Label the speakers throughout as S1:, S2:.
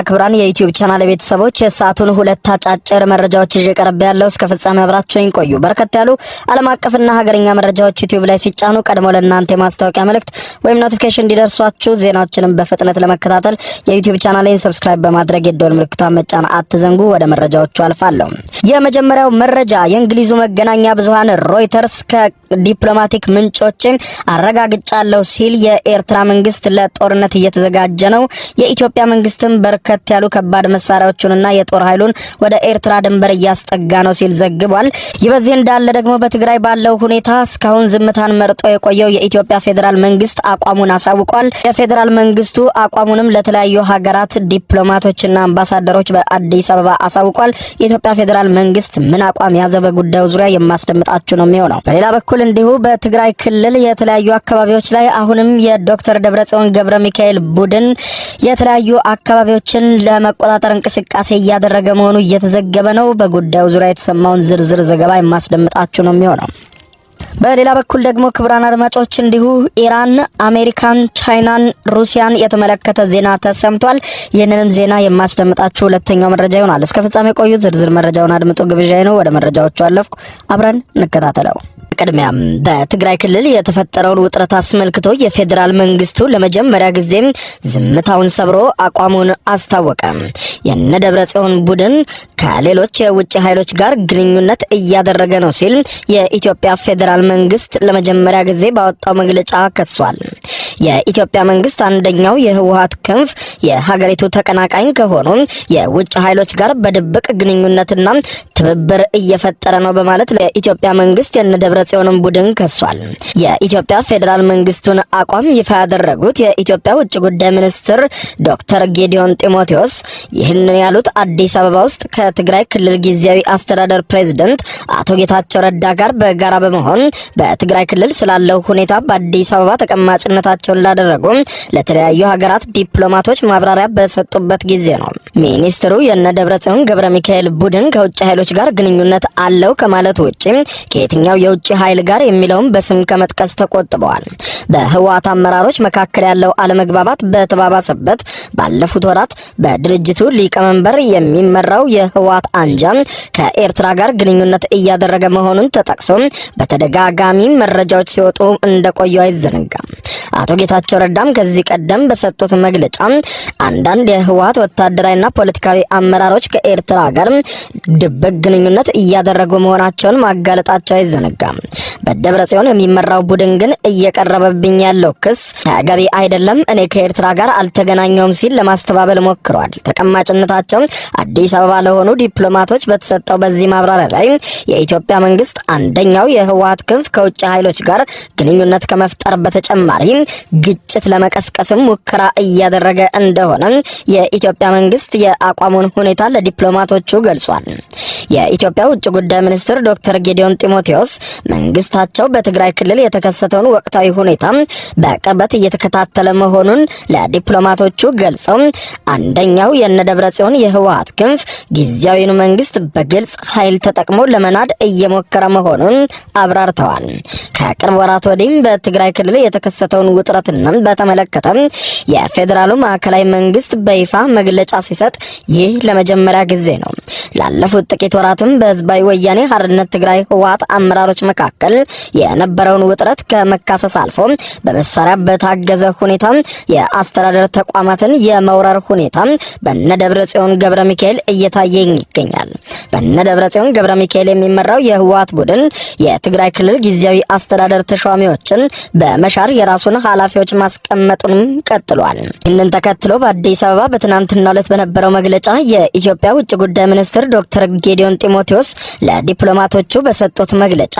S1: አክብራን የዩቲዩብ ቻናል ቤተሰቦች የሰዓቱን ሁለት አጫጭር መረጃዎች ይዤ ቀርብ ያለው እስከ ፍጻሜ አብራችሁኝ ቆዩ። በርከት ያሉ ዓለም አቀፍና ሀገርኛ መረጃዎች ዩቲዩብ ላይ ሲጫኑ ቀድሞ ለእናንተ የማስታወቂያ መልእክት ወይም ኖቲፊኬሽን እንዲደርሷችሁ ዜናዎችንም በፍጥነት ለመከታተል የዩቲዩብ ቻናሌን ሰብስክራይብ በማድረግ የደወል ምልክቷን መጫን አትዘንጉ። ወደ መረጃዎቹ አልፋለሁ። የመጀመሪያው መረጃ የእንግሊዙ መገናኛ ብዙሃን ሮይተርስ ከ ዲፕሎማቲክ ምንጮችን አረጋግጫለሁ ሲል የኤርትራ መንግስት ለጦርነት እየተዘጋጀ ነው፣ የኢትዮጵያ መንግስትም በርከት ያሉ ከባድ መሳሪያዎቹንና የጦር ኃይሉን ወደ ኤርትራ ድንበር እያስጠጋ ነው ሲል ዘግቧል። ይህ በዚህ እንዳለ ደግሞ በትግራይ ባለው ሁኔታ እስካሁን ዝምታን መርጦ የቆየው የኢትዮጵያ ፌዴራል መንግስት አቋሙን አሳውቋል። የፌዴራል መንግስቱ አቋሙንም ለተለያዩ ሀገራት ዲፕሎማቶችና አምባሳደሮች በአዲስ አበባ አሳውቋል። የኢትዮጵያ ፌዴራል መንግስት ምን አቋም ያዘ? በጉዳዩ ዙሪያ የማስደምጣችሁ ነው የሚሆነው። በሌላ በኩል እንዲሁ በትግራይ ክልል የተለያዩ አካባቢዎች ላይ አሁንም የዶክተር ደብረጽዮን ገብረ ሚካኤል ቡድን የተለያዩ አካባቢዎችን ለመቆጣጠር እንቅስቃሴ እያደረገ መሆኑ እየተዘገበ ነው። በጉዳዩ ዙሪያ የተሰማውን ዝርዝር ዘገባ የማስደምጣችሁ ነው የሚሆነው። በሌላ በኩል ደግሞ ክቡራን አድማጮች እንዲሁ ኢራን፣ አሜሪካን፣ ቻይናን፣ ሩሲያን የተመለከተ ዜና ተሰምቷል። ይህንንም ዜና የማስደምጣችሁ ሁለተኛው መረጃ ይሆናል። እስከ ፍጻሜ ቆዩ። ዝርዝር መረጃውን አድምጦ ግብዣ ነው። ወደ መረጃዎቹ አለፍኩ። አብረን እንከታተለው። ቅድሚያ በትግራይ ክልል የተፈጠረውን ውጥረት አስመልክቶ የፌዴራል መንግስቱ ለመጀመሪያ ጊዜ ዝምታውን ሰብሮ አቋሙን አስታወቀ። የነ ደብረ ጽዮን ቡድን ከሌሎች የውጭ ኃይሎች ጋር ግንኙነት እያደረገ ነው ሲል የኢትዮጵያ ፌዴራል መንግስት ለመጀመሪያ ጊዜ ባወጣው መግለጫ ከሷል። የኢትዮጵያ መንግስት አንደኛው የህወሀት ክንፍ የሀገሪቱ ተቀናቃኝ ከሆኑ የውጭ ኃይሎች ጋር በድብቅ ግንኙነትና ትብብር እየፈጠረ ነው በማለት ለኢትዮጵያ መንግስት የነ ደብረ ደብረጽዮንን ቡድን ከሷል። የኢትዮጵያ ፌዴራል መንግስቱን አቋም ይፋ ያደረጉት የኢትዮጵያ ውጭ ጉዳይ ሚኒስትር ዶክተር ጌዲዮን ጢሞቴዎስ ይህንን ያሉት አዲስ አበባ ውስጥ ከትግራይ ክልል ጊዜያዊ አስተዳደር ፕሬዝደንት አቶ ጌታቸው ረዳ ጋር በጋራ በመሆን በትግራይ ክልል ስላለው ሁኔታ በአዲስ አበባ ተቀማጭነታቸውን ላደረጉ ለተለያዩ ሀገራት ዲፕሎማቶች ማብራሪያ በሰጡበት ጊዜ ነው። ሚኒስትሩ የነ ደብረጽዮን ገብረ ሚካኤል ቡድን ከውጭ ኃይሎች ጋር ግንኙነት አለው ከማለት ውጭ ከየትኛው የውጭ ኃይል ጋር የሚለውም በስም ከመጥቀስ ተቆጥበዋል። በህወሓት አመራሮች መካከል ያለው አለመግባባት በተባባሰበት ባለፉት ወራት በድርጅቱ ሊቀመንበር የሚመራው የህወሓት አንጃ ከኤርትራ ጋር ግንኙነት እያደረገ መሆኑን ተጠቅሶ በተደጋጋሚ መረጃዎች ሲወጡ እንደቆዩ አይዘነጋም። አቶ ጌታቸው ረዳም ከዚህ ቀደም በሰጡት መግለጫ አንዳንድ የህወሀት ወታደራዊና ፖለቲካዊ አመራሮች ከኤርትራ ጋር ድብቅ ግንኙነት እያደረጉ መሆናቸውን ማጋለጣቸው አይዘነጋም። በደብረ ጽዮን የሚመራው ቡድን ግን እየቀረበብኝ ያለው ክስ ተገቢ አይደለም፣ እኔ ከኤርትራ ጋር አልተገናኘውም ሲል ለማስተባበል ሞክሯል። ተቀማጭነታቸውም አዲስ አበባ ለሆኑ ዲፕሎማቶች በተሰጠው በዚህ ማብራሪያ ላይ የኢትዮጵያ መንግስት አንደኛው የህወሀት ክንፍ ከውጭ ኃይሎች ጋር ግንኙነት ከመፍጠር በተጨማሪ ግጭት ለመቀስቀስም ሙከራ እያደረገ እንደሆነ የኢትዮጵያ መንግስት የአቋሙን ሁኔታ ለዲፕሎማቶቹ ገልጿል። የኢትዮጵያ ውጭ ጉዳይ ሚኒስትር ዶክተር ጌዲዮን ጢሞቴዎስ መንግስት መንግስታቸው በትግራይ ክልል የተከሰተውን ወቅታዊ ሁኔታ በቅርበት እየተከታተለ መሆኑን ለዲፕሎማቶቹ ገልጸው አንደኛው የነደብረ ጽዮን የህወሀት ክንፍ ጊዜያዊውን መንግስት በግልጽ ኃይል ተጠቅሞ ለመናድ እየሞከረ መሆኑን አብራርተዋል። ከቅርብ ወራት ወዲህም በትግራይ ክልል የተከሰተውን ውጥረትና በተመለከተ የፌዴራሉ ማዕከላዊ መንግስት በይፋ መግለጫ ሲሰጥ ይህ ለመጀመሪያ ጊዜ ነው። ላለፉት ጥቂት ወራትም በህዝባዊ ወያኔ ሀርነት ትግራይ ህወሀት አመራሮች መካከል በመቀጠል የነበረውን ውጥረት ከመካሰስ አልፎ በመሳሪያ በታገዘ ሁኔታ የአስተዳደር ተቋማትን የመውረር ሁኔታ በነደብረ ጽዮን ገብረ ሚካኤል እየታየ ይገኛል። በነደብረ ጽዮን ገብረ ሚካኤል የሚመራው የህወሓት ቡድን የትግራይ ክልል ጊዜያዊ አስተዳደር ተሿሚዎችን በመሻር የራሱን ኃላፊዎች ማስቀመጡንም ቀጥሏል። ይህንን ተከትሎ በአዲስ አበባ በትናንትናው ዕለት በነበረው መግለጫ የኢትዮጵያ ውጭ ጉዳይ ሚኒስትር ዶክተር ጌዲዮን ጢሞቴዎስ ለዲፕሎማቶቹ በሰጡት መግለጫ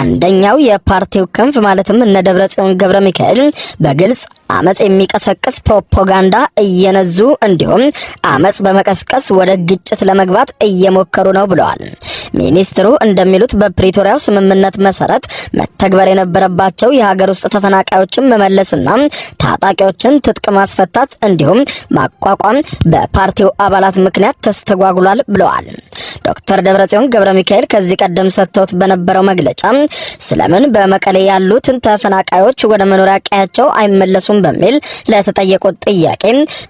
S1: አንደኛው የፓርቲው ክንፍ ማለትም እነ ደብረጽዮን ገብረ ሚካኤል በግልጽ አመጽ የሚቀሰቅስ ፕሮፓጋንዳ እየነዙ እንዲሁም አመጽ በመቀስቀስ ወደ ግጭት ለመግባት እየሞከሩ ነው ብለዋል። ሚኒስትሩ እንደሚሉት በፕሪቶሪያው ስምምነት መሰረት መተግበር የነበረባቸው የሀገር ውስጥ ተፈናቃዮችን መመለስና ታጣቂዎችን ትጥቅ ማስፈታት እንዲሁም ማቋቋም በፓርቲው አባላት ምክንያት ተስተጓጉሏል ብለዋል። ዶክተር ደብረጽዮን ገብረ ሚካኤል ከዚህ ቀደም ሰጥተውት በነበረው መግለጫ ስለምን በመቀሌ ያሉትን ተፈናቃዮች ወደ መኖሪያ ቀያቸው አይመለሱም በሚል ለተጠየቁት ጥያቄ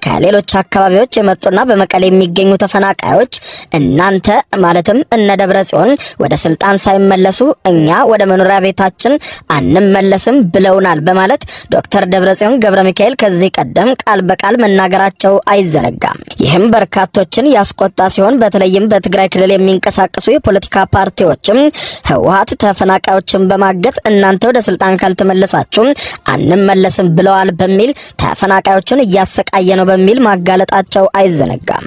S1: ከሌሎች አካባቢዎች የመጡና በመቀሌ የሚገኙ ተፈናቃዮች እናንተ ማለትም እነ ደብረ ጽዮን ወደ ስልጣን ሳይመለሱ እኛ ወደ መኖሪያ ቤታችን አንመለስም ብለውናል በማለት ዶክተር ደብረ ጽዮን ገብረ ሚካኤል ከዚህ ቀደም ቃል በቃል መናገራቸው አይዘነጋም። ይህም በርካቶችን ያስቆጣ ሲሆን በተለይም በትግራይ ክልል የሚንቀሳቀሱ የፖለቲካ ፓርቲዎችም ህወሀት ተፈናቃዮችን በማገት እናንተ ወደ ስልጣን ካልተመለሳችሁ አንመለስም ብለዋል በሚል ተፈናቃዮችን እያሰቃየ ነው በሚል ማጋለጣቸው አይዘነጋም።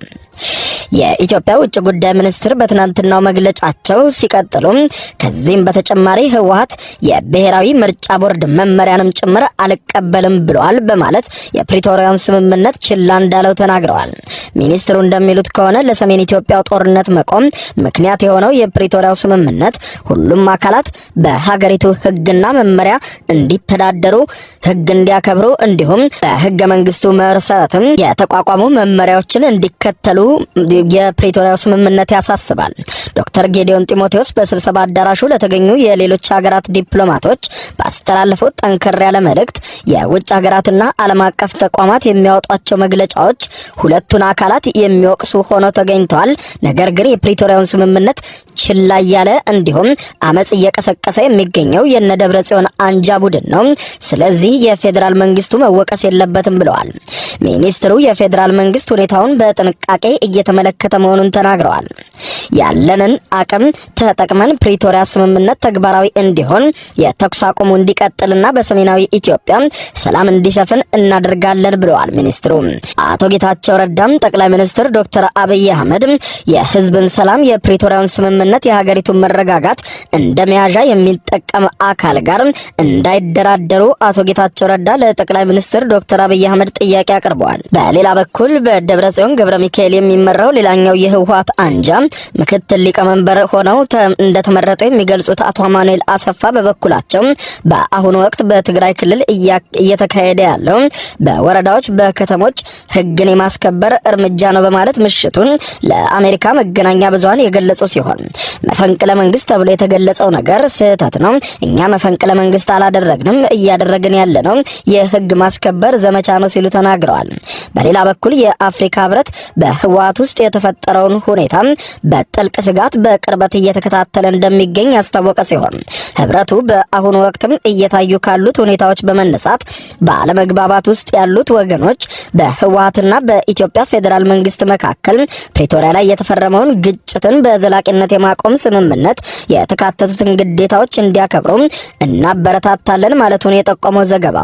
S1: የኢትዮጵያ ውጭ ጉዳይ ሚኒስትር በትናንትናው መግለጫቸው ሲቀጥሉም ከዚህም በተጨማሪ ህወሀት የብሔራዊ ምርጫ ቦርድ መመሪያንም ጭምር አልቀበልም ብለዋል በማለት የፕሪቶሪያን ስምምነት ችላ እንዳለው ተናግረዋል። ሚኒስትሩ እንደሚሉት ከሆነ ለሰሜን ኢትዮጵያው ጦርነት መቆም ምክንያት የሆነው የፕሪቶሪያው ስምምነት ሁሉም አካላት በሀገሪቱ ህግና መመሪያ እንዲተዳደሩ፣ ህግ እንዲያከብሩ እንዲሁም በህገ መንግስቱ መሰረትም የተቋቋሙ መመሪያዎችን እንዲከተሉ የፕሬቶሪያው ስምምነት ያሳስባል። ዶክተር ጌዲዮን ጢሞቴዎስ በስብሰባ አዳራሹ ለተገኙ የሌሎች ሀገራት ዲፕሎማቶች ባስተላለፉት ጠንከር ያለ መልእክት የውጭ ሀገራትና ዓለም አቀፍ ተቋማት የሚያወጧቸው መግለጫዎች ሁለቱን አካላት የሚወቅሱ ሆነው ተገኝተዋል። ነገር ግን የፕሪቶሪያውን ስምምነት ችላ እያለ እንዲሁም አመፅ እየቀሰቀሰ የሚገኘው የነ ደብረ ጽዮን አንጃ ቡድን ነው። ስለዚህ የፌዴራል መንግስቱ መወቀስ የለበትም ብለዋል ሚኒስትሩ። የፌዴራል መንግስት ሁኔታውን በጥንቃቄ እየተመለ የተመለከተ መሆኑን ተናግረዋል። ያለንን አቅም ተጠቅመን ፕሪቶሪያ ስምምነት ተግባራዊ እንዲሆን የተኩስ አቁሙ እንዲቀጥልና በሰሜናዊ ኢትዮጵያ ሰላም እንዲሰፍን እናደርጋለን ብለዋል ሚኒስትሩ። አቶ ጌታቸው ረዳም ጠቅላይ ሚኒስትር ዶክተር አብይ አህመድ የህዝብን ሰላም የፕሪቶሪያውን ስምምነት የሀገሪቱን መረጋጋት እንደ መያዣ የሚጠቀም አካል ጋር እንዳይደራደሩ አቶ ጌታቸው ረዳ ለጠቅላይ ሚኒስትር ዶክተር አብይ አህመድ ጥያቄ አቅርበዋል። በሌላ በኩል በደብረ ጽዮን ገብረ ሚካኤል የሚመራው ሌላኛው የህወሓት አንጃ ምክትል ሊቀመንበር ሆነው እንደተመረጡ የሚገልጹት አቶ አማኑኤል አሰፋ በበኩላቸው በአሁኑ ወቅት በትግራይ ክልል እየተካሄደ ያለው በወረዳዎች በከተሞች ህግን የማስከበር እርምጃ ነው በማለት ምሽቱን ለአሜሪካ መገናኛ ብዙሃን የገለጹ ሲሆን መፈንቅለ መንግስት ተብሎ የተገለጸው ነገር ስህተት ነው። እኛ መፈንቅለ መንግስት አላደረግንም፣ እያደረግን ያለነው የህግ ማስከበር ዘመቻ ነው ሲሉ ተናግረዋል። በሌላ በኩል የአፍሪካ ህብረት በህወሓት ውስጥ የተፈጠረውን ሁኔታ በጥልቅ ስጋት በቅርበት እየተከታተለ እንደሚገኝ ያስታወቀ ሲሆን ህብረቱ በአሁኑ ወቅትም እየታዩ ካሉት ሁኔታዎች በመነሳት በአለመግባባት ውስጥ ያሉት ወገኖች በህወሀትና በኢትዮጵያ ፌዴራል መንግስት መካከል ፕሪቶሪያ ላይ የተፈረመውን ግጭትን በዘላቂነት የማቆም ስምምነት የተካተቱትን ግዴታዎች እንዲያከብሩ እናበረታታለን ማለቱን የጠቆመው ዘገባ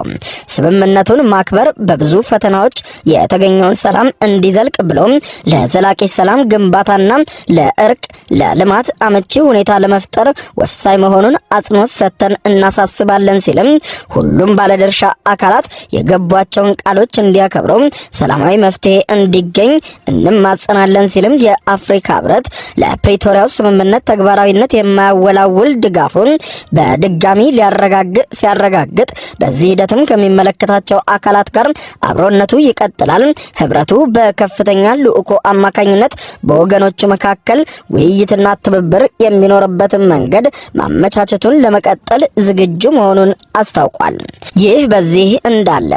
S1: ስምምነቱን ማክበር በብዙ ፈተናዎች የተገኘውን ሰላም እንዲዘልቅ ብሎም ለዘላ ዘላቂ ሰላም ግንባታና ለእርቅ ለልማት አመቺ ሁኔታ ለመፍጠር ወሳኝ መሆኑን አጽንኦት ሰጥተን እናሳስባለን ሲልም ሁሉም ባለድርሻ አካላት የገቧቸውን ቃሎች እንዲያከብሩ ሰላማዊ መፍትሄ እንዲገኝ እንማጸናለን ሲልም የአፍሪካ ህብረት ለፕሪቶሪያው ስምምነት ተግባራዊነት የማያወላውል ድጋፉን በድጋሚ ሊያረጋግጥ ሲያረጋግጥ በዚህ ሂደትም ከሚመለከታቸው አካላት ጋር አብሮነቱ ይቀጥላል። ህብረቱ በከፍተኛ ልዑኮ አማካ አማካኝነት በወገኖቹ መካከል ውይይትና ትብብር የሚኖርበትን መንገድ ማመቻቸቱን ለመቀጠል ዝግጁ መሆኑን አስታውቋል። ይህ በዚህ እንዳለ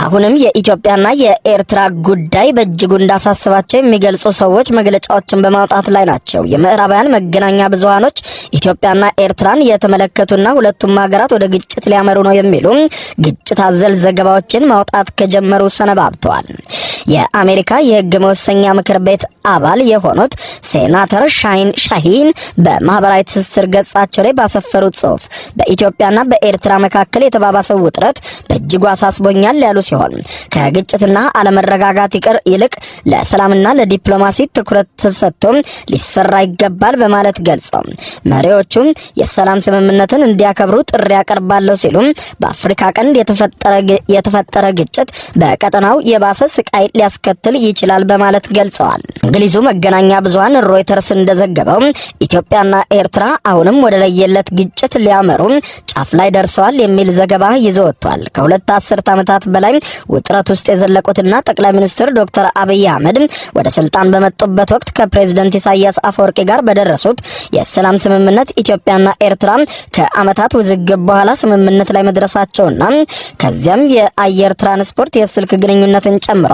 S1: አሁንም የኢትዮጵያና የኤርትራ ጉዳይ በእጅጉ እንዳሳስባቸው የሚገልጹ ሰዎች መግለጫዎችን በማውጣት ላይ ናቸው። የምዕራባውያን መገናኛ ብዙሃኖች ኢትዮጵያና ኤርትራን የተመለከቱና ሁለቱም ሀገራት ወደ ግጭት ሊያመሩ ነው የሚሉ ግጭት አዘል ዘገባዎችን ማውጣት ከጀመሩ ሰነባብተዋል። የአሜሪካ የህግ መወሰኛ ምክር ቤት አባል የሆኑት ሴናተር ሻሂን ሻሂን በማህበራዊ ትስስር ገጻቸው ላይ ባሰፈሩት ጽሁፍ በኢትዮጵያና በኤርትራ መካከል የተባባሰው ውጥረት በእጅጉ አሳስቦኛል ያሉ ሲሆን ከግጭትና አለመረጋጋት ይቅር ይልቅ ለሰላምና ለዲፕሎማሲ ትኩረት ተሰጥቶ ሊሰራ ይገባል በማለት ገልጸው መሪዎቹ የሰላም ስምምነትን እንዲያከብሩ ጥሪ ያቀርባለሁ ሲሉም በአፍሪካ ቀንድ የተፈጠረ ግጭት በቀጠናው የባሰ ስቃይ ሊያስከትል ይችላል በማለት ገልጸዋል። ተናግረዋል። እንግሊዙ መገናኛ ብዙሃን ሮይተርስ እንደዘገበው ኢትዮጵያና ኤርትራ አሁንም ወደ ለየለት ግጭት ሊያመሩ ጫፍ ላይ ደርሰዋል የሚል ዘገባ ይዞ ወጥቷል። ከሁለት አስርት ዓመታት በላይ ውጥረት ውስጥ የዘለቁትና ጠቅላይ ሚኒስትር ዶክተር አብይ አህመድ ወደ ስልጣን በመጡበት ወቅት ከፕሬዝደንት ኢሳያስ አፈወርቂ ጋር በደረሱት የሰላም ስምምነት ኢትዮጵያና ኤርትራ ከዓመታት ውዝግብ በኋላ ስምምነት ላይ መድረሳቸውና ከዚያም የአየር ትራንስፖርት፣ የስልክ ግንኙነትን ጨምሮ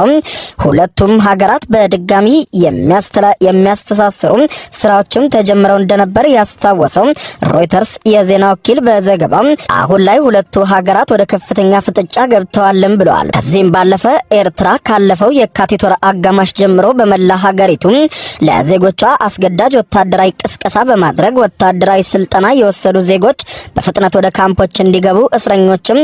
S1: ሁለቱም ሀገራት በድጋሚ የሚያስተሳስሩም ስራዎችም ተጀምረው እንደነበር ያስታወሰው ሮይተርስ የዜና ወኪል በዘገባ አሁን ላይ ሁለቱ ሀገራት ወደ ከፍተኛ ፍጥጫ ገብተዋልም ብለዋል። ከዚህም ባለፈ ኤርትራ ካለፈው የካቲት ወር አጋማሽ ጀምሮ በመላ ሀገሪቱ ለዜጎቿ አስገዳጅ ወታደራዊ ቅስቀሳ በማድረግ ወታደራዊ ስልጠና የወሰዱ ዜጎች በፍጥነት ወደ ካምፖች እንዲገቡ እስረኞችም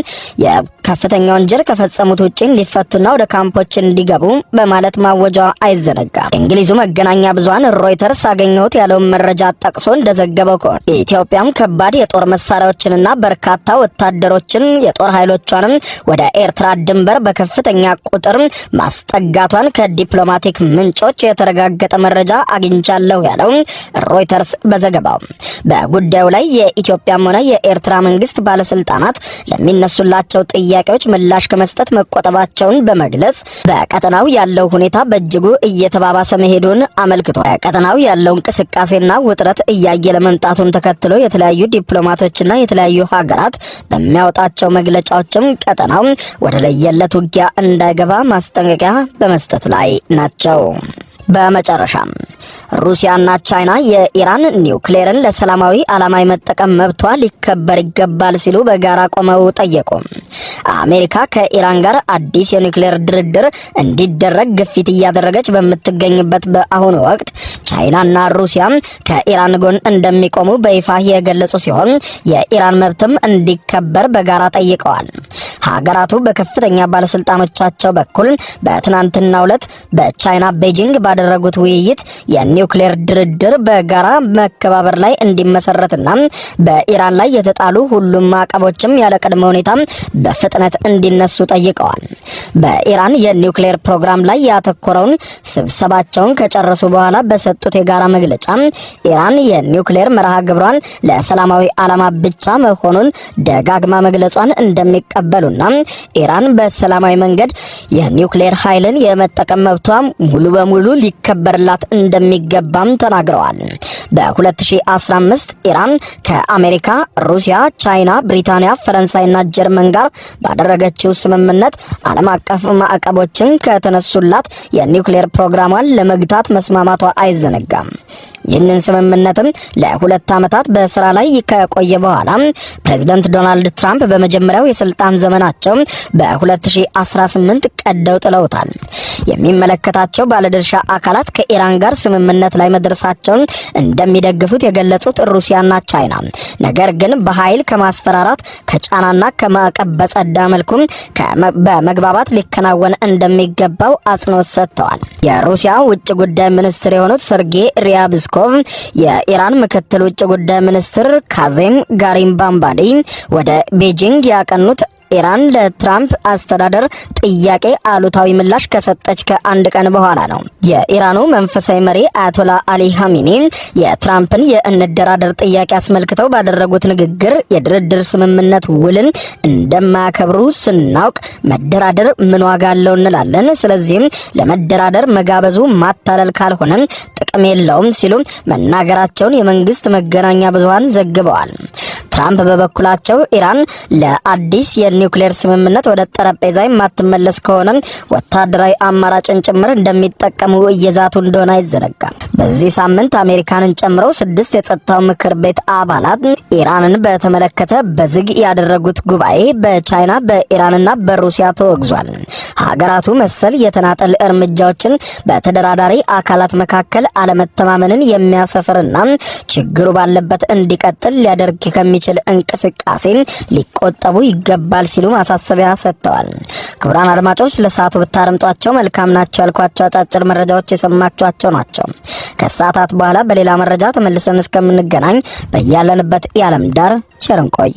S1: ከፍተኛ ወንጀል ከፈጸሙት ውጪ እንዲፈቱና ወደ ካምፖች እንዲገቡ በማለት ማወጇ አይዘነጋም። የእንግሊዙ መገናኛ ብዙሃን ሮይተርስ አገኘሁት ያለውን መረጃ ጠቅሶ እንደዘገበው ከሆነ ኢትዮጵያም ከባድ የጦር መሳሪያዎችንና በርካታ ወታደሮችን የጦር ኃይሎቿንም ወደ ኤርትራ ድንበር በከፍተኛ ቁጥር ማስጠጋቷን ከዲፕሎማቲክ ምንጮች የተረጋገጠ መረጃ አግኝቻለሁ ያለው ሮይተርስ በዘገባው በጉዳዩ ላይ የኢትዮጵያም ሆነ የኤርትራ መንግስት ባለስልጣናት ለሚነሱላቸው ጥያቄዎች ምላሽ ከመስጠት መቆጠባቸውን በመግለጽ በቀጠናው ያለው ሁኔታ በእጅጉ እየተባ እየተባባሰ መሄዱን አመልክቷል። ቀጠናው ያለው እንቅስቃሴና ውጥረት እያየ ለመምጣቱን ተከትሎ የተለያዩ ዲፕሎማቶችና የተለያዩ ሀገራት በሚያወጣቸው መግለጫዎችም ቀጠናው ወደ ለየለት ውጊያ እንዳይገባ ማስጠንቀቂያ በመስጠት ላይ ናቸው። በመጨረሻም ሩሲያና ቻይና የኢራን ኒውክሌርን ለሰላማዊ ዓላማ የመጠቀም መብቷ ሊከበር ይገባል ሲሉ በጋራ ቆመው ጠየቁ። አሜሪካ ከኢራን ጋር አዲስ የኒክሌር ድርድር እንዲደረግ ግፊት እያደረገች በምትገኝበት በአሁኑ ወቅት ቻይናና ሩሲያ ከኢራን ጎን እንደሚቆሙ በይፋ የገለጹ ሲሆን የኢራን መብትም እንዲከበር በጋራ ጠይቀዋል። ሀገራቱ በከፍተኛ ባለስልጣኖቻቸው በኩል በትናንትናው ዕለት በቻይና ቤጂንግ ባደረጉት ውይይት የኒውክሌር ድርድር በጋራ መከባበር ላይ እንዲመሰረትና በኢራን ላይ የተጣሉ ሁሉም ማዕቀቦችም ያለ ቅድመ ሁኔታ በፍጥነት እንዲነሱ ጠይቀዋል። በኢራን የኒውክሌር ፕሮግራም ላይ ያተኮረውን ስብሰባቸውን ከጨረሱ በኋላ በሰጡት የጋራ መግለጫ ኢራን የኒውክሌር መርሃ ግብሯን ለሰላማዊ ዓላማ ብቻ መሆኑን ደጋግማ መግለጿን እንደሚቀበሉ ይላሉና ኢራን በሰላማዊ መንገድ የኒውክሌር ኃይልን የመጠቀም መብቷ ሙሉ በሙሉ ሊከበርላት እንደሚገባም ተናግረዋል። በ2015 ኢራን ከአሜሪካ፣ ሩሲያ፣ ቻይና፣ ብሪታንያ፣ ፈረንሳይና ጀርመን ጋር ባደረገችው ስምምነት ዓለም አቀፍ ማዕቀቦችን ከተነሱላት የኒውክሌር ፕሮግራሟን ለመግታት መስማማቷ አይዘነጋም። ይህንን ስምምነትም ለሁለት ዓመታት በስራ ላይ ከቆየ በኋላ ፕሬዚደንት ዶናልድ ትራምፕ በመጀመሪያው የስልጣን ዘመናቸው በ2018 ቀደው ጥለውታል። የሚመለከታቸው ባለድርሻ አካላት ከኢራን ጋር ስምምነት ላይ መድረሳቸውን እንደሚደግፉት የገለጹት ሩሲያና ቻይና ነገር ግን በኃይል ከማስፈራራት ከጫናና ከማዕቀብ በጸዳ በመግባባት ሊከናወን እንደሚገባው አጽንኦት ሰጥተዋል። የሩሲያ ውጭ ጉዳይ ሚኒስትር የሆኑት ሰርጌ ሪያብስኮ ዛሪኮቭ የኢራን ምክትል ውጭ ጉዳይ ሚኒስትር ካዜም ጋሪም ባምባዲ ወደ ቤጂንግ ያቀኑት ኢራን ለትራምፕ አስተዳደር ጥያቄ አሉታዊ ምላሽ ከሰጠች ከአንድ ቀን በኋላ ነው የኢራኑ መንፈሳዊ መሪ አያቶላ አሊ ሀሚኒ የትራምፕን የእንደራደር ጥያቄ አስመልክተው ባደረጉት ንግግር የድርድር ስምምነት ውልን እንደማያከብሩ ስናውቅ መደራደር ምን ዋጋ አለው እንላለን። ስለዚህም ለመደራደር መጋበዙ ማታለል ካልሆነም ጥቅም የለውም ሲሉ መናገራቸውን የመንግስት መገናኛ ብዙሃን ዘግበዋል። ትራምፕ በበኩላቸው ኢራን ለአዲስ የኒውክሌር ስምምነት ወደ ጠረጴዛ የማትመለስ ከሆነ ወታደራዊ አማራጭን ጭምር እንደሚጠቀሙ እየዛቱ እንደሆነ አይዘነጋም። በዚህ ሳምንት አሜሪካንን ጨምሮ ስድስት የጸጥታው ምክር ቤት አባላት ኢራንን በተመለከተ በዝግ ያደረጉት ጉባኤ በቻይና በኢራንና በሩሲያ ተወግዟል። ሀገራቱ መሰል የተናጠል እርምጃዎችን በተደራዳሪ አካላት መካከል አለመተማመንን የሚያሰፍርና ችግሩ ባለበት እንዲቀጥል ሊያደርግ ከሚችል የሚችል እንቅስቃሴን ሊቆጠቡ ይገባል ሲሉ ማሳሰቢያ ሰጥተዋል። ክቡራን አድማጮች ለሰዓቱ ብታረምጧቸው መልካም ናቸው ያልኳቸው አጫጭር መረጃዎች የሰማችኋቸው ናቸው። ከሰዓታት በኋላ በሌላ መረጃ ተመልሰን እስከምንገናኝ በያለንበት የዓለም ዳር ቸርን ቆይ